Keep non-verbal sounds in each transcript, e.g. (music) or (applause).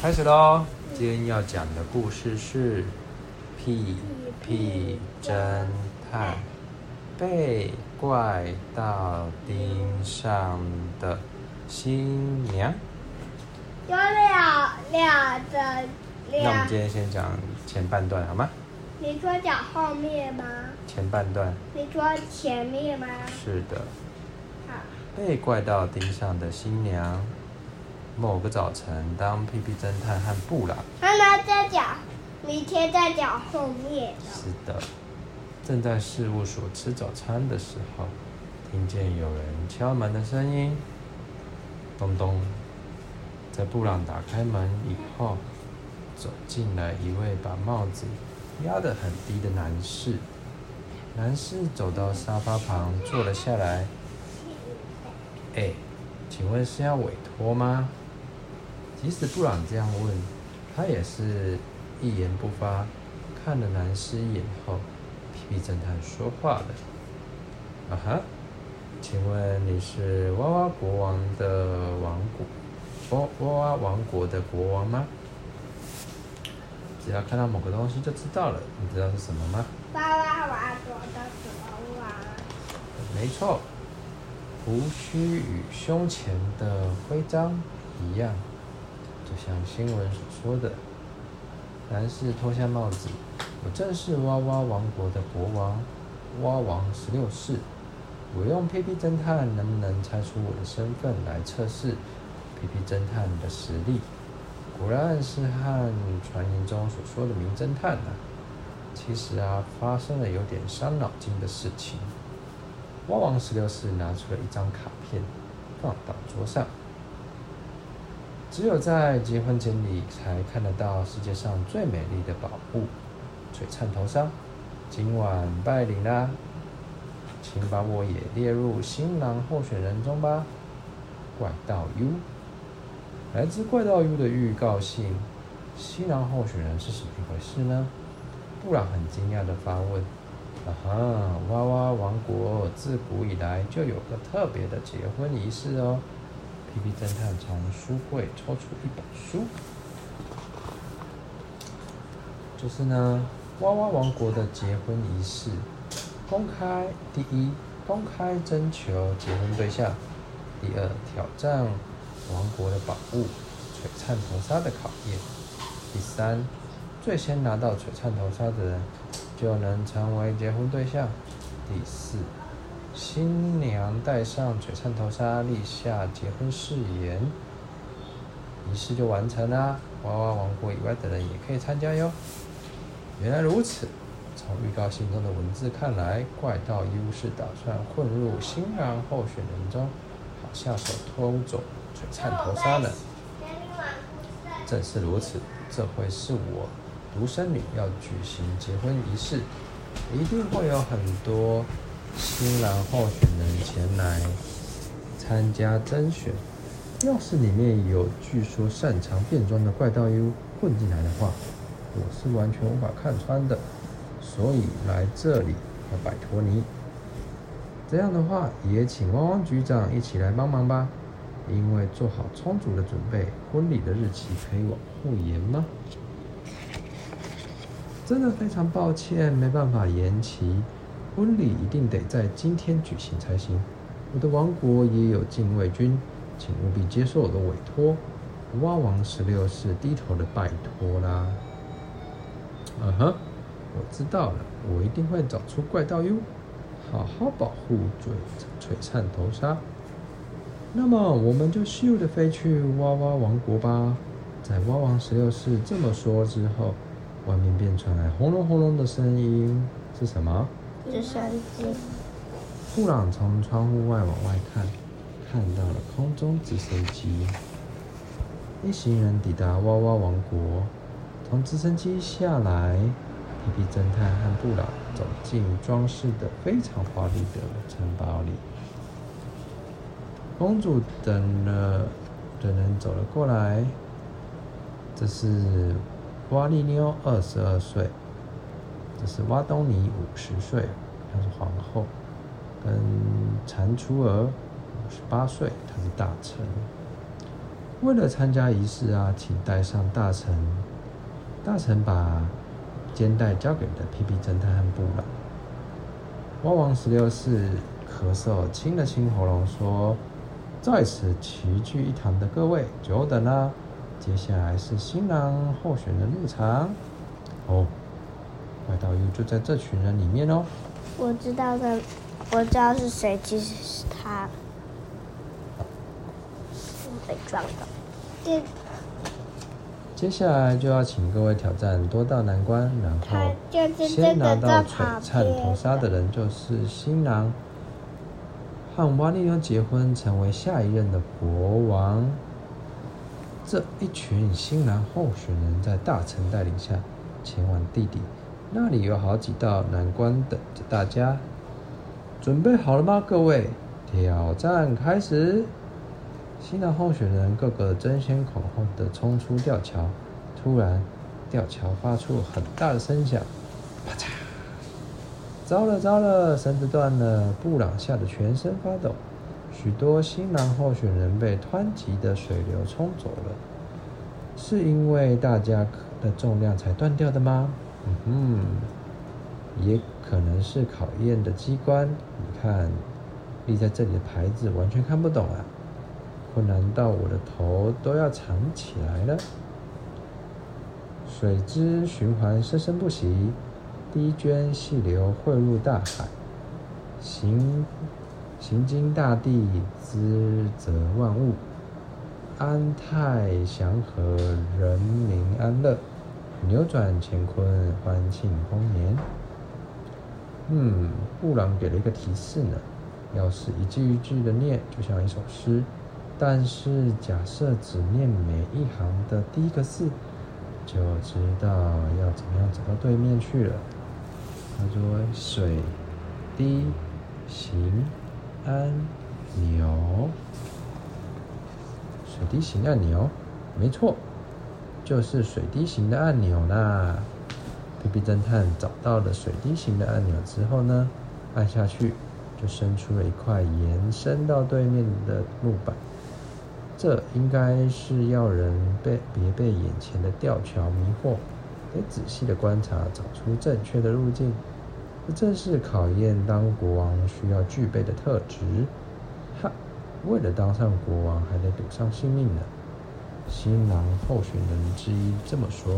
開始嘍！今天要講的故事是《屁屁偵探被怪盜盯上的新娘》。有了。有兩、兩的兩。那我們今天先講前半段，好嗎？你說講後面嗎？前半段。你說前面嗎？是的。好。被怪盜盯上的新娘。某個早晨，當屁屁偵探和布朗媽媽在講，明天在講後面。是的，正在事務所吃早餐的時候，聽見有人敲門的聲音，咚咚。在布朗打開門以後，走進來一位把帽子壓得很低的男士。男士走到沙發旁坐了下來。哎，請問是要委托嗎？即使布朗這樣問，他也是一言不發。看了南斯一眼後，屁屁偵探說話了：“啊哈，請問你是哇哇國王的王國，哦，哇哇王國的國王嗎？只要看到某個東西就知道了，你知道是什麼嗎？”哇哇王國的麼王。沒錯，胡鬚與胸前的徽章一樣。就像新聞所說的，男士脫下帽子：“我正是蛙蛙王國的國王，蛙王十六世。我用屁屁偵探能不能猜出我的身份來測試屁屁偵探的實力。果然是和傳言中所說的名偵探吶、啊。其實啊，發生了有點傷腦筋的事情。蛙王十六世拿出了一張卡片，放到桌上。”只有在結婚典禮才看得到世界上最美麗的寶物——璀璨頭紗，今晚拜領啦，啊，請把我也列入新郎候選人中吧，怪盜 U。來自怪盜 U 的預告信，新郎候選人是什麼回事呢？布朗很驚訝地發問：“啊哈，哇哇王國自古以來就有個特別的結婚儀式哦。”屁屁偵探從書櫃抽出一本書，就是呢，娃娃王國的結婚儀式：公開第一，公開徵求結婚對象；第二，挑戰王國的寶物——璀璨頭紗的考驗；第三，最先拿到璀璨頭紗的人就能成為結婚對象；第四。新娘戴上璀璨頭紗，立下結婚誓言，儀式就完成啦。娃娃王國以外的人也可以參加喲。原來如此，從預告信中的文字看來，怪盜 U 是打算混入新郎候選人中，好下手偷走璀璨頭紗呢。正是如此，這回是我獨生女要舉行結婚儀式，一定會有很多。新郎候選人前來參加甄選。要是裡面有據說擅長變裝的怪盜 U 混進來的話，我是完全無法看穿的。所以來這裡要拜託你。這樣的話，也請汪汪局長一起來幫忙吧。因為做好充足的準備，婚禮的日期可以往後延嗎？真的非常抱歉，沒辦法延期。婚禮一定得在今天舉行才行。我的王國也有禁衛軍，請務必接受我的委託。蛙王十六世低頭的拜托啦。嗯哼，我知道了，我一定會找出怪盜喲，好好保護璀璀璨頭紗。那麼，我們就咻的飛去蛙蛙王國吧。在蛙王十六世這麼說之後，外面便傳來轟隆轟隆，隆的聲音，是什麼？直升機。布朗從窗戶外往外看，看到了空中直升機。一行人抵達哇哇王國，從直升機下來，屁屁偵探和布朗走進裝飾的非常華麗的城堡裡。公主等了，等人走了過來。這是哇麗妞22，二十二歲。這是瓦東尼五十歲，她是皇后；跟蟾蜍兒五十八歲，他是大臣。為了參加儀式啊，請帶上大臣。大臣把肩帶交給了屁屁偵探和布朗。蛙王十六世咳嗽，清了清喉嚨說：“在此齊聚一堂的各位，久等了。接下來是新郎候選人的入場。”哦。怪盜 U 就在這群人裡面哦。我知道的，我知道是誰，其實是他，被撞的。接接下來就要請各位挑戰多道難關，然後先拿到璀璨頭紗的人就是新郎，和瓦力妞結婚，成為下一任的國王。這一群新郎候選人在大臣帶領下前往地底。那裡有好幾道難關等着大家，準備好了嗎，各位？挑戰開始！新郎候選人個個爭先恐後的衝出吊橋，突然吊橋發出很大的聲響，啪嚓！糟了糟了，繩子斷了！布朗嚇得全身發抖。許多新郎候選人被湍急的水流沖走了。是因為大家的重量才斷掉的嗎？嗯哼，也可能是考驗的機關。你看，立在這裡的牌子完全看不懂啊！困難到我的頭都要藏起來了。水之循環生生不息，滴涓細流匯入大海，行行經大地，滋澤萬物，安泰祥和，人民安樂。扭轉乾坤，歡慶豐年。嗯，布朗給了一個提示呢。要是一句一句的唸，就像一首詩。但是假設只唸每一行的第一個字，就知道要怎麼樣走到對面去了。他說水按：“水滴形，按鈕。水滴形，按鈕，沒錯。”就是水滴形的按鈕啦。屁屁偵探找到了水滴形的按鈕之後呢，按下去就伸出了一塊延伸到對面的木板。這應該是要人被別被眼前的吊橋迷惑，得仔細的觀察，找出正確的路徑。這正是考驗當國王需要具備的特質。哈，為了當上國王，還得賭上性命呢。新郎候選人之一這麼說。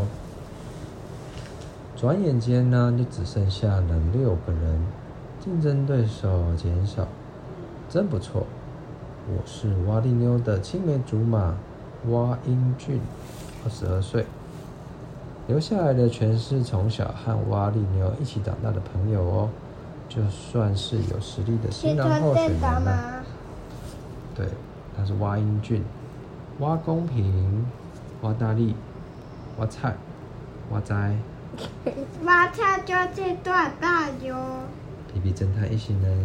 轉眼間呢，就只剩下了六個人，競爭對手減少，真不錯。我是蛙力妞的青梅竹馬蛙英俊，二十二歲。留下來的全是從小和蛙力妞一起長大的朋友哦。就算是有實力的新郎候選人啊。對，他是蛙英俊。挖公平，挖大力，挖菜，挖栽。挖菜就是多大喲！屁屁偵探一行人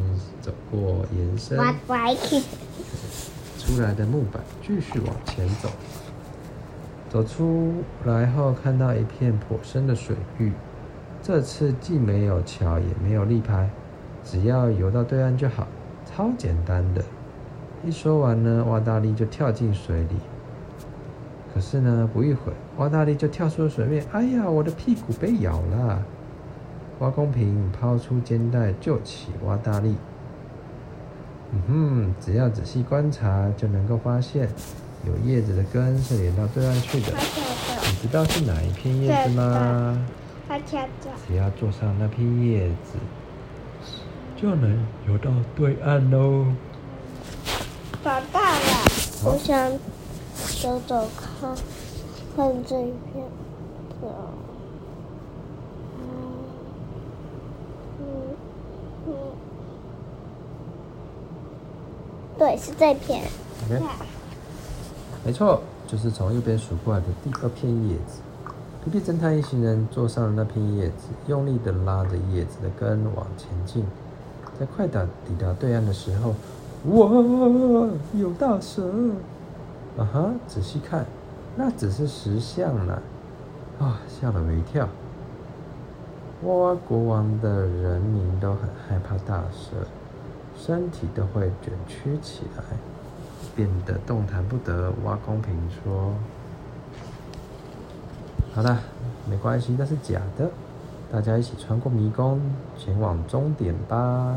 走過延伸哇塞 (laughs) 出來的木板，繼續往前走。走出來後，看到一片頗深的水域。這次既沒有橋，也沒有立牌，只要游到對岸就好，超簡單的。一說完呢，蛙大力就跳進水裡。可是呢，不一會兒，蛙大力就跳出了水面。哎呀，我的屁股被咬了！蛙公平拋出肩帶，救起蛙大力。嗯哼，只要仔細觀察，就能夠發現，有葉子的根是連到對岸去的。你知道是哪一片葉子嗎？只要坐上那片葉子，就能游到對岸嘍。長大了，我想走走看，看這一片，嗯嗯嗯，對，是這片。Okay. Yeah. 沒錯，就是從右邊數過來的第二片葉子。屁屁偵探一行人坐上了那片葉子，用力的拉着葉子的根往前進。在快到抵達對岸的時候。哇，有大蛇！啊哈、uh-huh，仔細看，那只是石像呢。啊、哦，嚇了我一跳。哇哇，國王的人民都很害怕大蛇，身體都會捲曲起來，變得動彈不得。哇，公平說，好了，沒關係，那是假的。大家一起穿過迷宮，前往終點吧。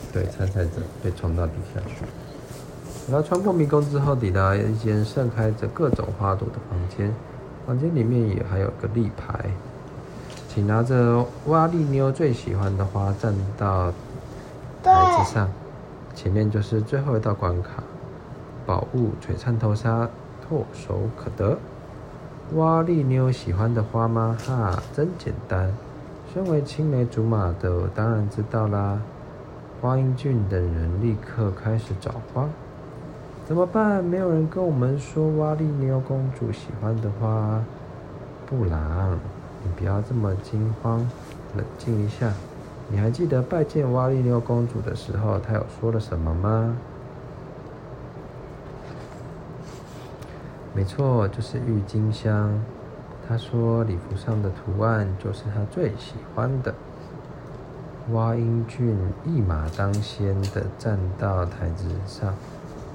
對，參賽者被沖到底下去。然後穿過迷宮之後，抵達一間盛開着各種花朵的房間。房間裡面也還有一個立牌，請拿着瓦力妞最喜歡的花站到台子上。對前面就是最後一道關卡，寶物璀璨頭紗唾手可得。瓦力妞喜歡的花嗎？哈、啊，真簡單。身為青梅竹馬的我，當然知道啦。花英俊等人立刻開始找花，怎麼辦？沒有人跟我們說瓦力牛公主喜歡的花。布朗，你不要這麼驚慌，冷靜一下。你還記得拜見瓦力牛公主的時候，她有說了什麼嗎？沒錯，就是鬱金香。她說禮服上的圖案就是她最喜歡的。蛙英俊一馬當先的站到台子上，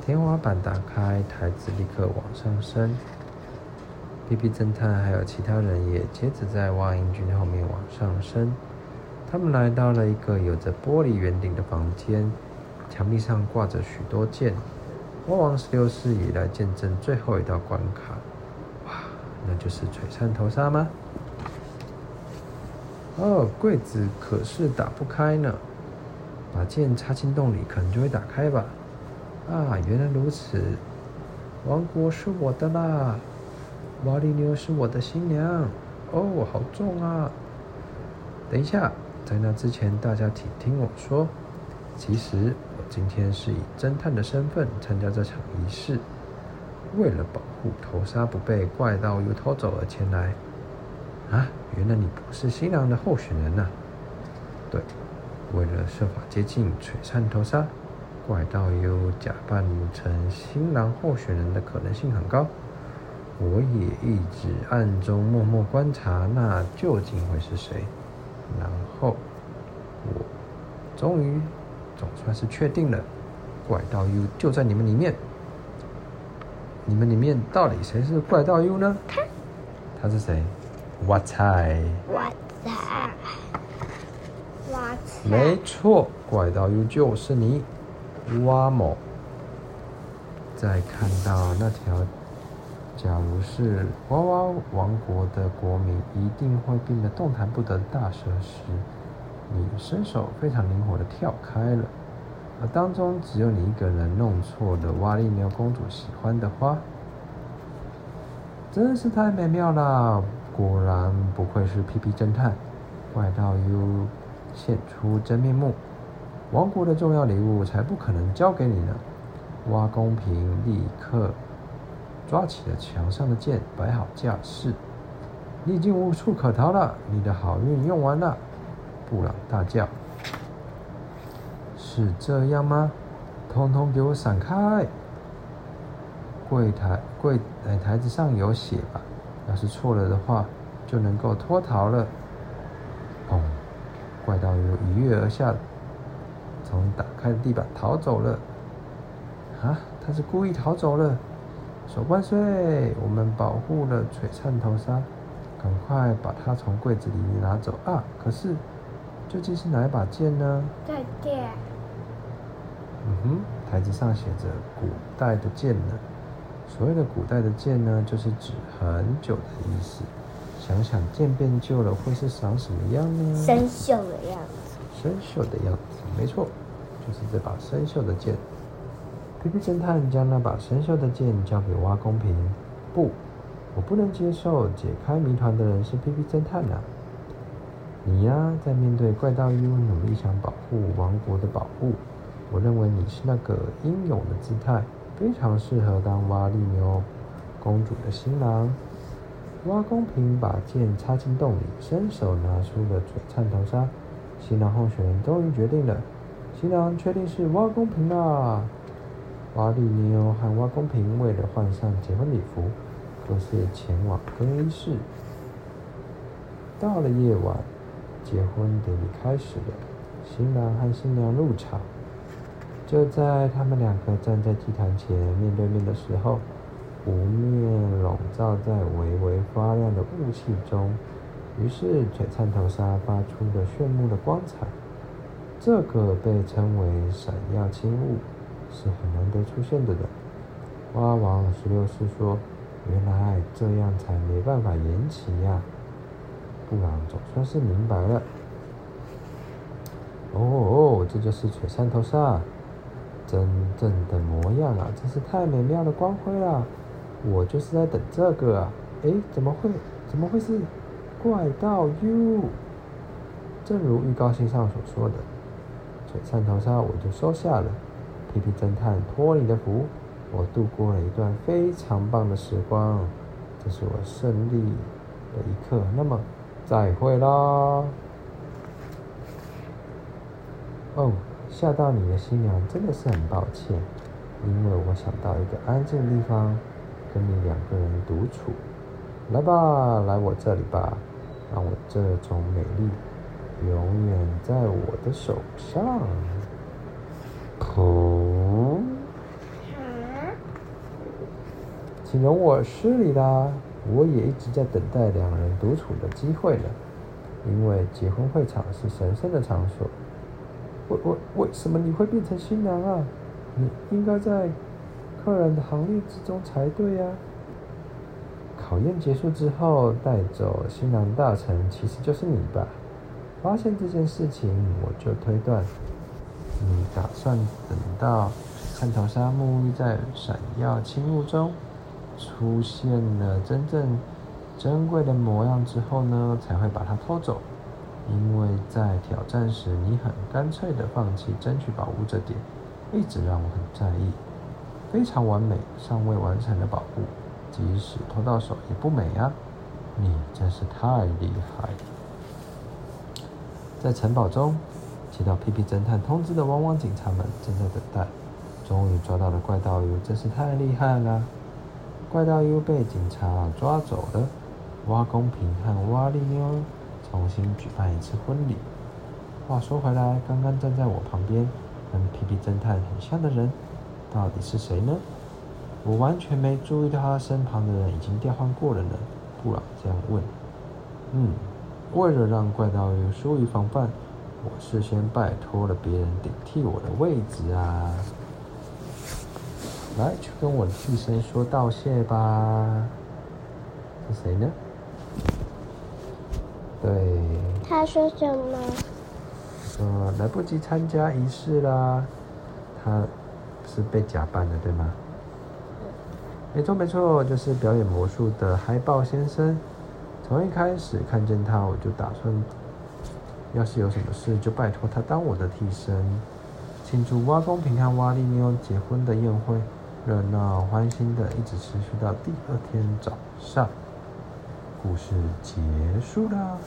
天花板打開，台子立刻往上升。屁屁偵探還有其他人也接着在蛙英俊後面往上升。他們來到了一個有着玻璃圓頂的房間，牆壁上掛着許多劍。蛙王十六世以來見證最後一道關卡，哇，那就是璀璨頭紗嗎？哦，櫃子可是打不開呢。把劍插進洞裡，可能就會打開吧。啊，原來如此！王國是我的啦，瓦力妞是我的新娘。哦，好重啊！等一下，在那之前，大家請聽我說。其實我今天是以偵探的身份參加這場儀式，為了保護頭紗不被怪盜又偷走而前來。啊，原來你不是新郎的候選人吶、啊！對，為了設法接近璀璨頭紗，怪盜 U 假扮成新郎候選人的可能性很高。我也一直暗中默默觀察，那究竟會是誰？然後我終於總算是確定了，怪盜 U 就在你們裡面。你們裡面到底誰是怪盜 U 呢？他，他是誰？我猜，我猜，我猜！沒錯，怪盜依舊就是你，挖某。在看到那條，假如是娃娃王國的國民一定會變得動彈不得的大蛇時，你身手非常靈活的跳開了，而當中只有你一個人弄錯了，瓦麗牛公主喜歡的花，真是太美妙了。果然不愧是屁屁偵探。怪盜又現出真面目。王國的重要禮物才不可能交給你呢！挖公平立刻抓起了牆上的劍，擺好架勢。你已經無處可逃了，你的好運用完了！布朗大叫：“是這樣嗎？通通給我閃開！”櫃檯櫃檯，台子上有血吧？要是錯了的話，就能夠脫逃了。砰、哦！怪盜又一躍而下，從打開的地板逃走了。啊，他是故意逃走了！手萬歲，我們保護了璀璨頭紗，趕快把它從櫃子裡面拿走啊！可是，究竟是哪一把劍呢？再見。嗯哼，台子上寫着古代的劍呢。所謂的古代的劍呢，就是指很久的意思。想想劍變舊了會是長什麼樣呢？生銹的樣子。生銹的樣子，沒錯，就是這把生銹的劍。屁屁偵探將那把生銹的劍交給挖空瓶。不，我不能接受，解開謎團的人是屁屁偵探啊。你呀，啊，在面對怪盜 U 努力想保護王國的寶物，我認為你是那個英勇的姿態，非常適合當挖力牛公主的新郎。挖公平把劍插進洞裡，伸手拿出了璀璨頭紗。新郎候選人終於決定了，新郎確定是挖公平啦！挖力牛和挖公平為了換上結婚禮服，各自前往更衣室。到了夜晚，結婚典禮開始了，新郎和新娘入場。就在他們兩個站在祭壇前面對面的時候，湖面籠罩在微微發亮的霧氣中，於是璀璨頭紗發出了炫目的光彩。這個被稱為“閃耀青霧”，是很難得出現的。花王十六世說：“原來這樣才沒辦法延期呀，啊！布朗總算是明白了。哦哦，這就是璀璨頭紗。”真正的模樣啊，真是太美妙的光輝啦。我就是在等這個。啊，誒、欸，怎麼會？怎麼會是怪盜 U？正如預告信上所說的，璀璨頭紗我就收下了。屁屁偵探託你的福，我度過了一段非常棒的時光。這是我勝利的一刻。那麼，再會啦。哦。嚇到你的新娘真的是很抱歉，因為我想到一個安靜的地方，跟你兩個人獨處。來吧，來我這裡吧，讓我這種美麗永遠在我的手上。請容、嗯、我失禮啦，我也一直在等待兩個人獨處的機會呢，因為結婚會場是神聖的場所。為為為什麼你會變成新郎啊？你應該在客人的行列之中才對呀、啊。考驗結束之後帶走新郎大臣其實就是你吧？發現這件事情我就推斷，你打算等到漢朝沙漠在閃耀青霧中出現了真正珍貴的模樣之後呢，才會把它偷走。因為在挑戰時，你很乾脆地放棄爭取寶物這點，一直讓我很在意。非常完美，尚未完成的寶物，即使偷到手也不美啊！你真是太厲害了！在城堡中，接到屁屁偵探通知的汪汪警察們正在等待。終於抓到了怪盜 U，真是太厲害了！怪盜 U 被警察抓走了。挖公平和，和挖利尿。重新舉辦一次婚禮。話說回來，剛剛站在我旁邊，跟屁屁偵探很像的人，到底是誰呢？我完全沒注意到他身旁的人已經調換過了呢。布朗這樣問。嗯，為了讓怪盜有疏於防範，我事先拜托了別人頂替我的位置啊。來，去跟我的替身說道謝吧。是誰呢？對，他說什麼？說、呃、來不及參加儀式啦，他是被假扮的，對嗎？嗯、沒錯沒錯，就是表演魔術的嗨豹先生。從一開始看見他，我就打算，要是有什麼事，就拜托他當我的替身。慶祝蛙公平和蛙力妞結婚的宴會，熱鬧歡欣的，一直持續到第二天早上。故事結束了。